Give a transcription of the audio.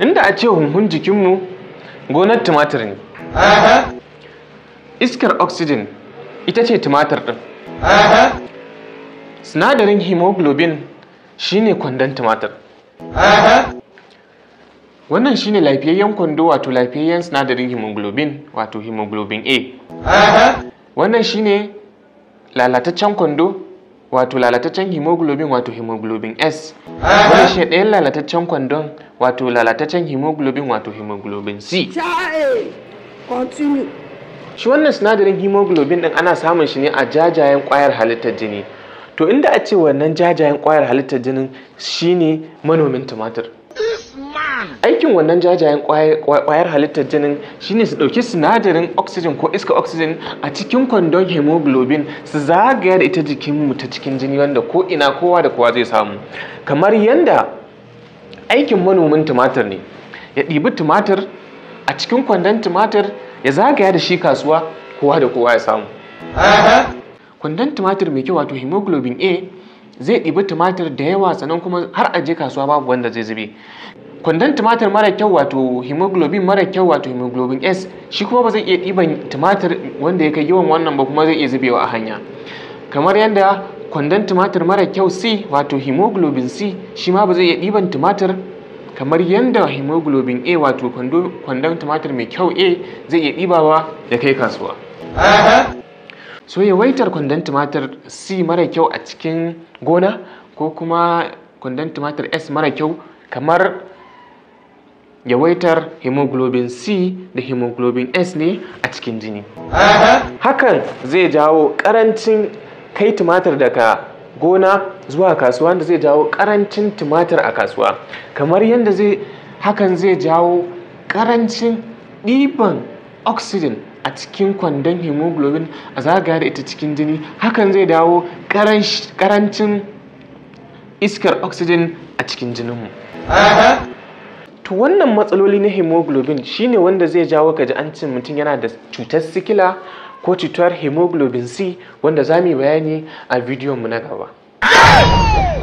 inda a ce hunhun jikinmu gonar tumatir ne iskar oxygen ita ce tumatir ɗin sinadarin hemoglobin shine kwandon tumatir wannan shine lafiyayyen kwando wato lafiyayyen sinadarin hemoglobin wato hemoglobin a wannan shine lalataccen kwando wato lalataccen hemoglobin wato hemoglobin S wani ɗayan lalataccen kwandon wato lalataccen hemoglobin wato hemoglobin C shi wannan sinadarin hemoglobin ɗin ana samun shi ne a jajayen ƙwayar halittar jini to inda a ce wannan jajayen ƙwayar halittar jinin shine manomin tumatir aikin wannan jajayen kwayar halittar jinin shine su ɗauki sinadarin oxygen ko iska oxygen a cikin kwandon hemoglobin su zagaya da ita jikinmu ta cikin jini wanda ko ina kowa da kowa zai samu kamar yadda aikin manomin tumatir ne ya ɗibi tumatir a cikin kwandon tumatir ya zagaya da shi kasuwa kowa da kowa ya samu kwandon tumatir mai kyau wato hemoglobin a zai ɗibi tumatir da yawa sannan kuma har a je kasuwa babu wanda zai zube kwandon tumatir mara kyau wato hemoglobin mara kyau wato hemoglobin s shi kuma ba zai iya ɗiban tumatir wanda ya kai yawan wannan ba kuma zai iya zubewa a hanya kamar yadda kwandon tumatir mara kyau c wato hemoglobin c shi ma ba zai iya ɗiban tumatir kamar yadda hemoglobin a wato kwandon tumatir mai kyau a zai iya ɗibawa ya kai kasuwa so yawaitar kwandon tumatir c mara kyau a cikin gona ko kuma kwandon tumatir s mara kyau kamar yawaitar hemoglobin c da hemoglobin s ne a cikin jini hakan zai jawo karancin kai tumatir daga gona zuwa kasuwa da zai jawo karancin tumatir a kasuwa kamar yadda zai hakan zai jawo karancin ɗiban oxygen a cikin kwandon hemoglobin a zagaya da ita cikin jini hakan zai dawo karancin iskar oxygen a cikin jininmu to wannan matsaloli na hemoglobin shine wanda zai jawo ka ji mutum yana da cutar sikila ko cutar hemoglobin c wanda za mu yi bayani a bidiyon mu na gaba